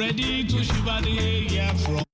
ready to shiver the air from.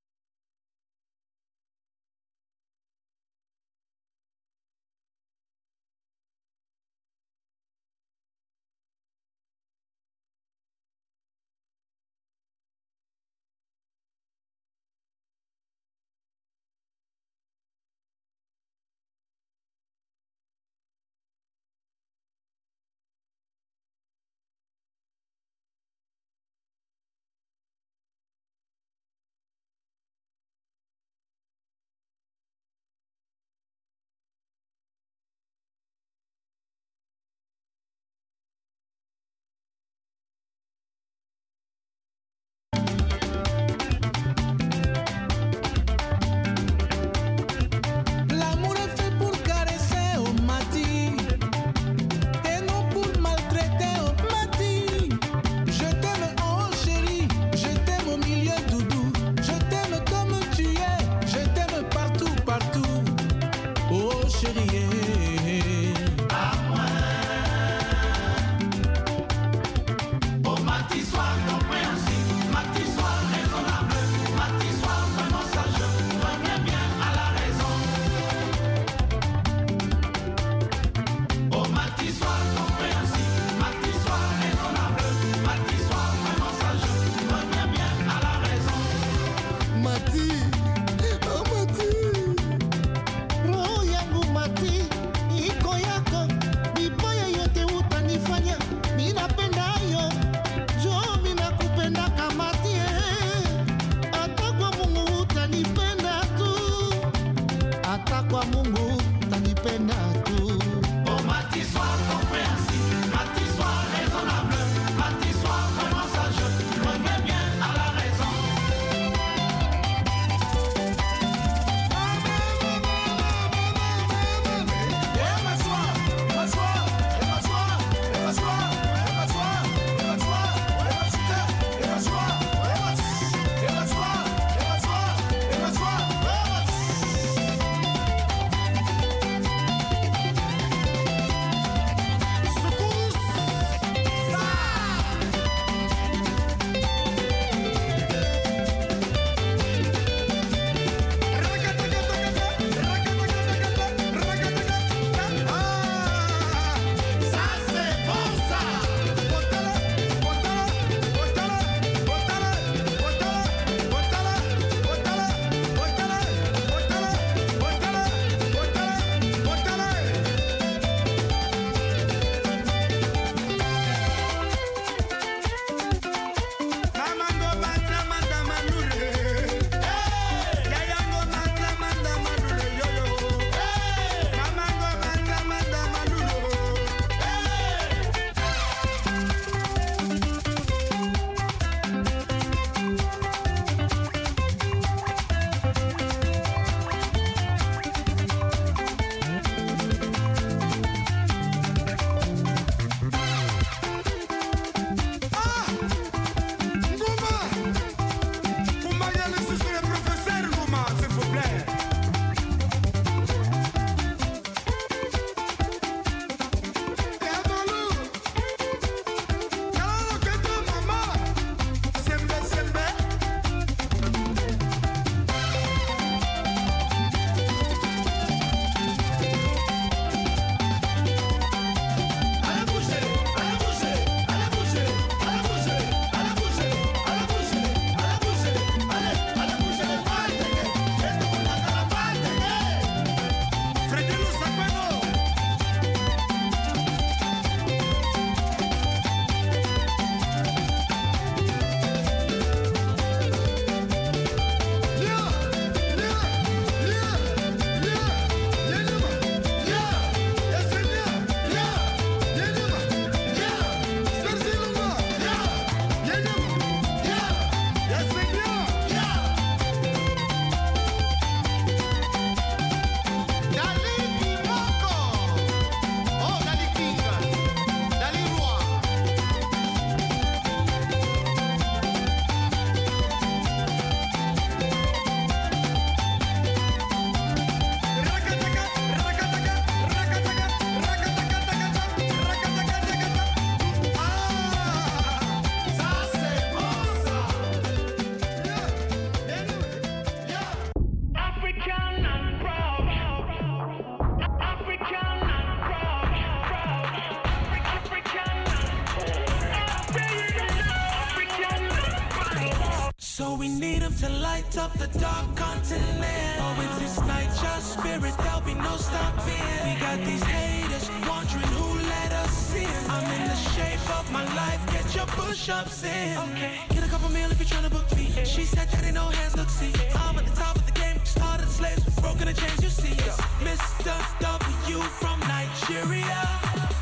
up Sam. Okay. Get a couple meal if you're trying to book me. Yeah. She said that ain't no hands, look, see. Yeah. I'm at the top of the game, started slaves, broken the chains, you see. Yeah. Mr. W from Nigeria,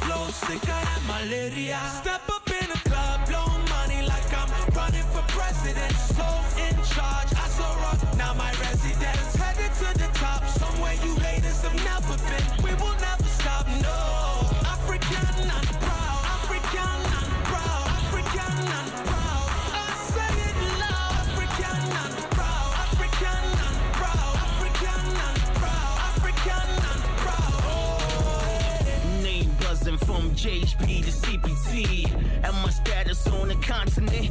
flow sicker than malaria. Step up in the club, blow money like I'm running for president. So in charge, I saw rock, now my residence. continent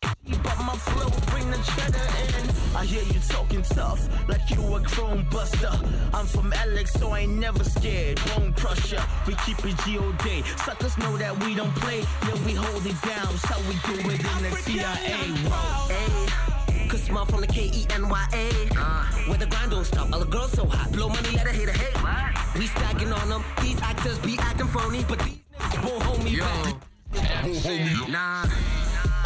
my flow, bring the cheddar in. I hear you talking tough, like you a chrome buster. I'm from Alex, so I ain't never scared. will crusher, crush ya, we keep it G.O.D. Suckers know that we don't play, yeah, we hold it down. So we do it in the CIA. Whoa. Cause my from the K-E-N-Y-A uh, Where the grind don't stop, all the girls so hot Blow money, let her hit her hate what? We stacking on them, these actors be acting phony But these won't hold me Yo. back Won't hold me Nah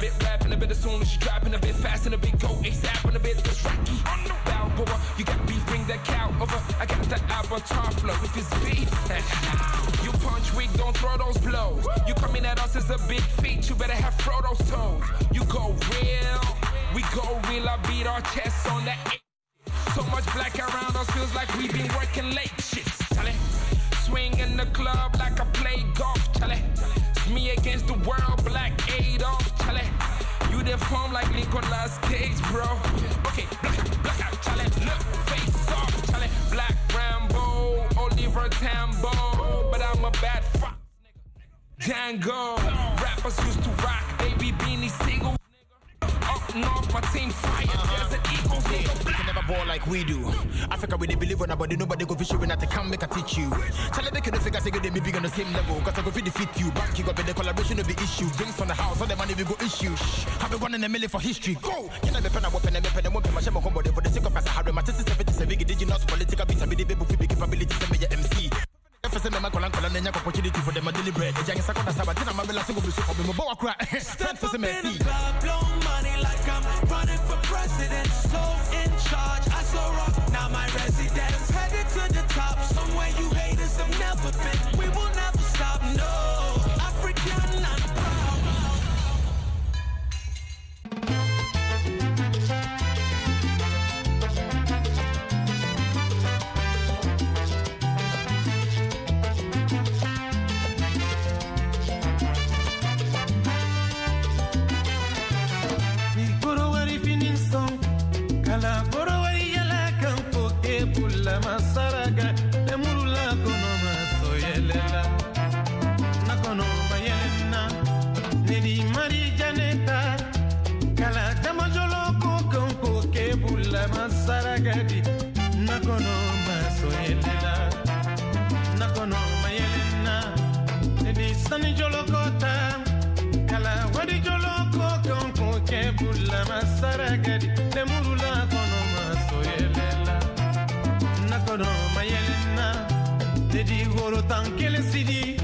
bit rapping, a bit as soon as she dropping, a bit fast and a bit go ASAP and a bit just rocky. On the Balboa, you got beef, bring that cow over. I got that avatar flow. If it's beef, you punch weak, don't throw those blows. You coming at us as a big feat, you better have Frodo's toes. You go real, we go real. I beat our chests on that. So much black around us feels like we've been working late. Shit, Charlie. Swing in the club like I play golf, Charlie me against the world, black Adolf, Charlie, You deform like Nicolas Cage, bro. Okay, black, black out, Charlie. Look, face off, Charlie. Black Rambo, Oliver Tambo. But I'm a bad fox, Django. Rappers used to rock, baby beanie single. Up north, my team fire like we do. Africa really believe on about nobody go fish when I can make I teach you. Charlie they couldn't figure say they may be on the same level. Cause I go feed defeat you. Back you got the collaboration of be issue. Drinks on the house, all the money we go issue. Shh. Have been one in a million for history. Go! You know me pen a weapon and me pen and won't pay my shame on combo for the sake of my I my test is 77 big indigenous political beat. I be the baby with big capability, send me your MC first them a call and call then you opportunity for them to deliberate. The a single blue for me mo Step up the club, blow money like I'm running for president. So in charge, I so rock, now my residence. Headed to the top, somewhere you haters have never been. love City, go to Tankele City.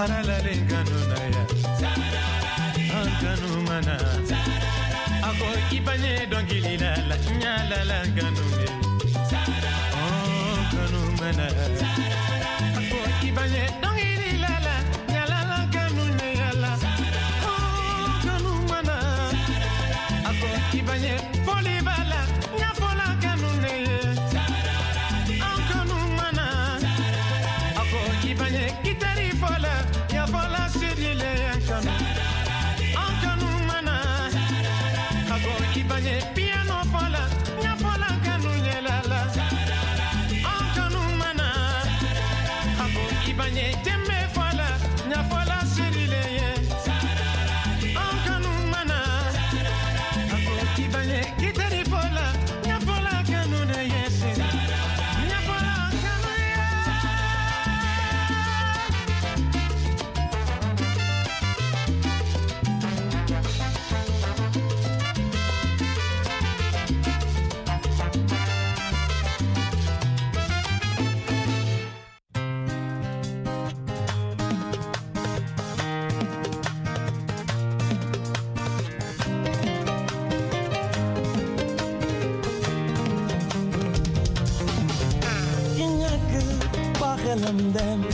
saralalegano na ya ankanumana ako ipanye dongililala nyalalaganume onkanumana ako ipanye them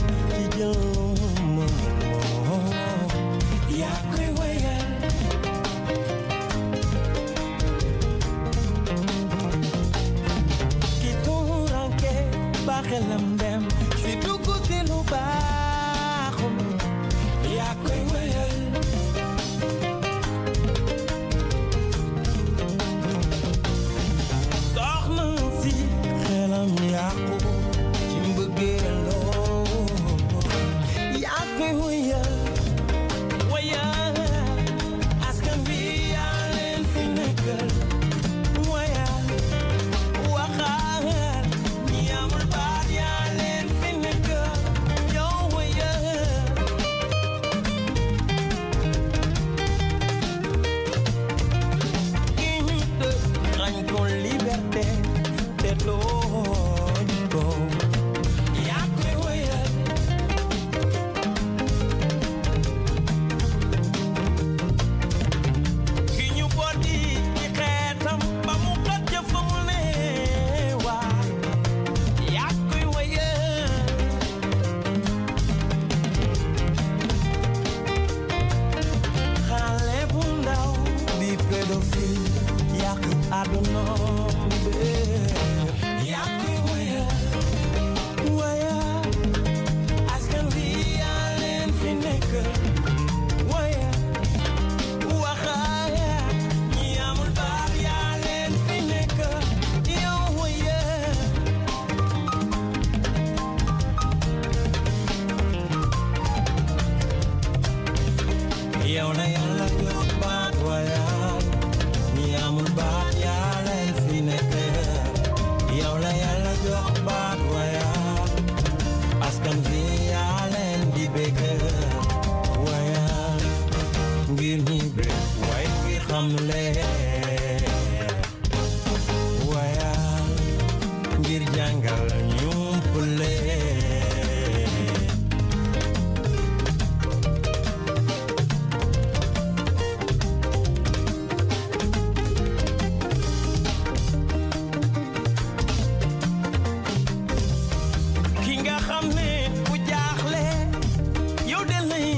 I'm jaaxle yow de lay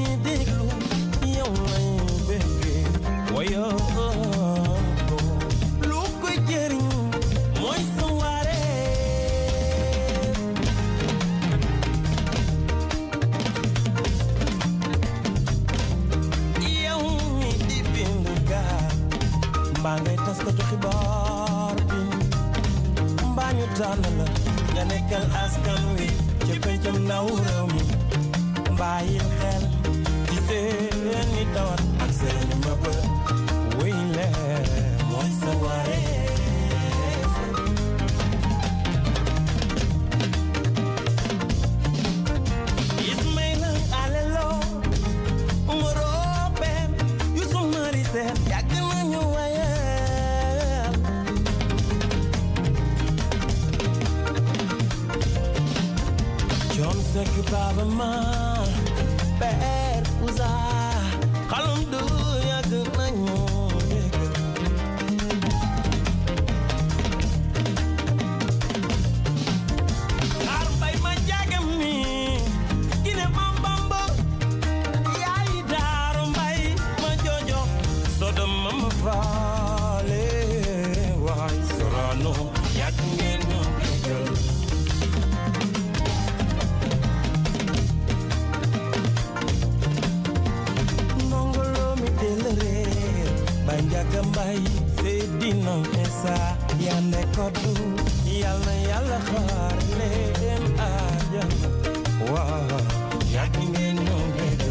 we ndaw réew mi bàyyil xel ci seen i tawat ak seen i wuy leen mooy sa waree Like a Baba Mom. sa yande kodu yalla yalla xaar leen ajal wa yak ngeen ñoo ngeen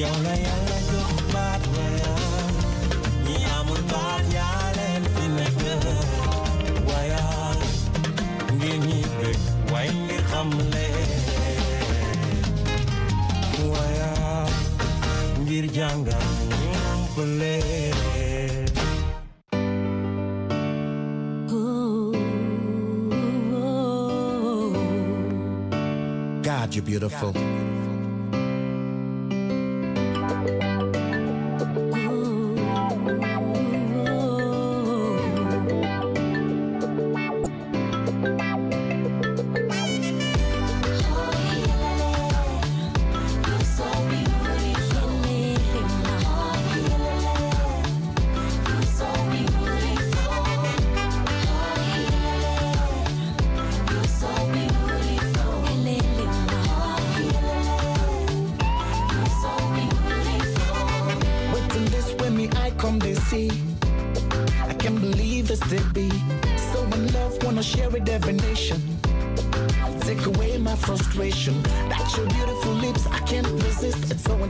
yow la yalla jox baat wa ñi amul baat yaa leen fi nekk wa yaa ngeen ñi dëkk way ngi xam leen bir oh, oh, oh. God, you're beautiful.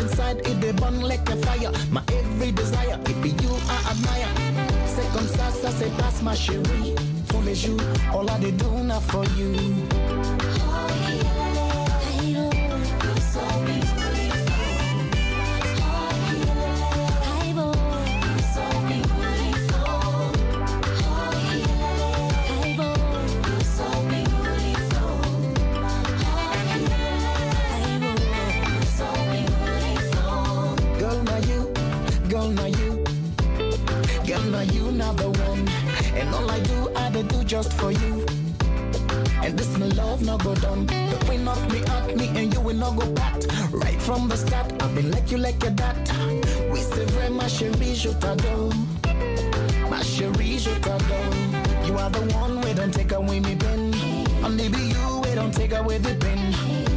inside it they burn like a fire. My every desire, it be you I admire. C'est comme ça, say pass my sherry, chérie. you. all I do now for you. And all I do, I do just for you. And this my love no go down. The way knock me at me and you will not go back. Right from the start, I've been like you like your dad. We say vrai ma chérie, je t'adore. Ma chérie, je t'adore. You are the one we don't take away me pen. Only be you we don't take away the pen.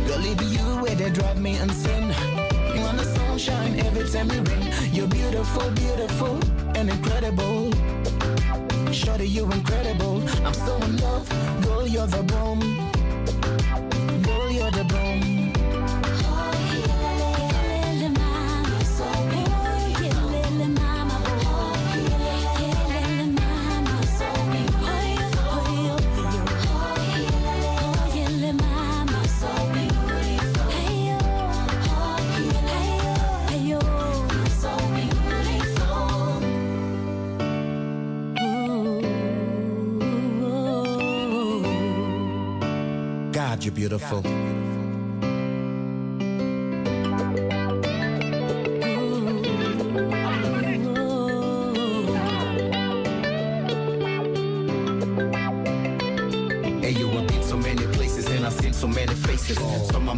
Girl, it be you where they drive me insane. You want the sunshine every time you rain. You're beautiful, beautiful, and incredible. Shorty, you are incredible. I'm so in love, girl, you're the bomb. beautiful.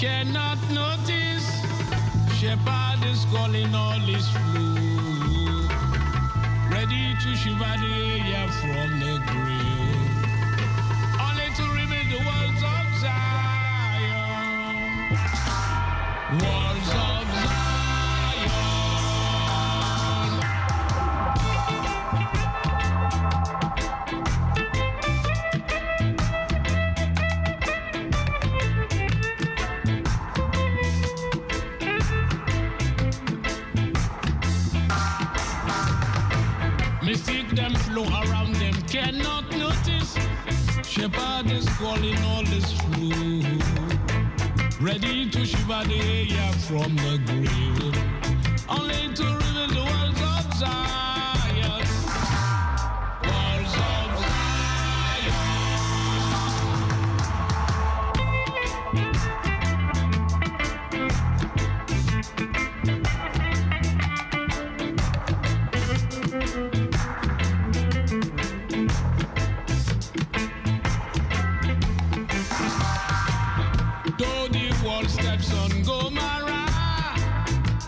cannot notice shepherd is calling all his flock ready to shiver the air from the grave only to remain the words of Zion One. flow around them cannot notice. Shepherd is calling all his flow. Ready to shiver the air from the grave. Only to reveal the world's observe.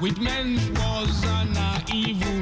with men's was an evil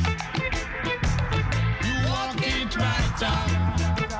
time.